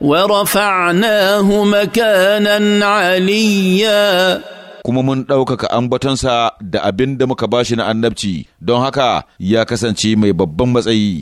ورفعناه مكانا عليا kuma mun ɗaukaka ambatonsa da abin da muka bashi na annabci don haka ya kasance mai babban matsayi